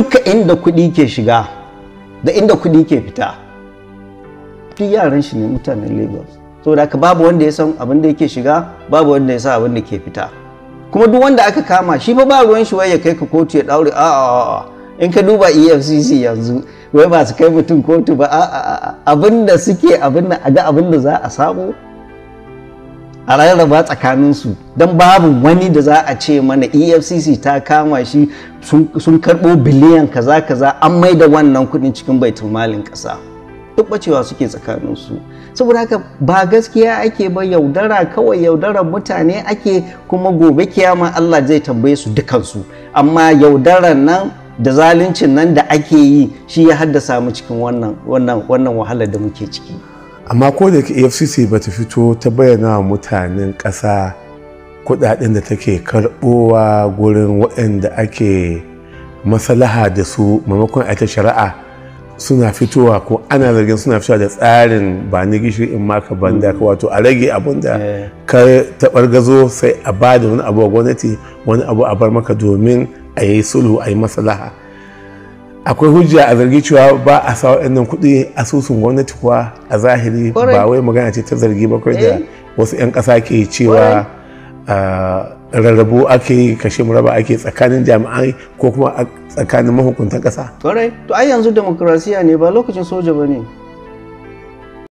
duka inda kuɗi ke shiga da inda kuɗi ke fita duk yaran shi ne mutanen lagos saboda haka babu wanda ya san abin da yake shiga babu wanda ya san abin da ke fita kuma duk wanda aka kama shi fa ba ruwan shi wai ya kai ka kotu ya daure a a a in ka duba EFCC yanzu wai ba su kai mutum kotu ba a a abin da suke abin ga abin da za a samu a rarraba tsakaninsu don babu wani da za a ce mana efcc ta kama shi sun karɓo biliyan kaza kaza an mai da wannan kudin cikin baitul malin ƙasa duk bacewa suke tsakaninsu saboda haka ba gaskiya ake ba yaudara kawai yaudarar mutane ake kuma gobe kiyama allah zai tambaye su dukansu amma yaudarar nan da zaluncin nan da ake yi shi ya haddasa mu cikin wannan wahalar da muke ciki. amma ko da AFCC ba ta fito ta bayyana mutanen ƙasa kudaden da take karbowa gurin waɗanda ake masalaha da su maimakon a ta shari'a suna fitowa ko ana zargin suna fitowa da tsarin ba ni gishiri in maka banda ka wato a rage abun da eh. ka tabar gazo sai a ba da wani abu a gwamnati wani abu a bar maka domin a yi sulhu a yi masalaha akwai hujja a zargi cewa ba a sa waɗannan kuɗi asusun gwamnati kuwa a zahiri ba wai magana ce ta zargi ba kawai da eh. wasu 'yan ƙasa ke cewa rarrabu ake kashe muraba ake tsakanin jami'ai ko kuma tsakanin mahukuntan ƙasa. Kwarai, to ai yanzu demokrasiya ne ba lokacin soja ba ne.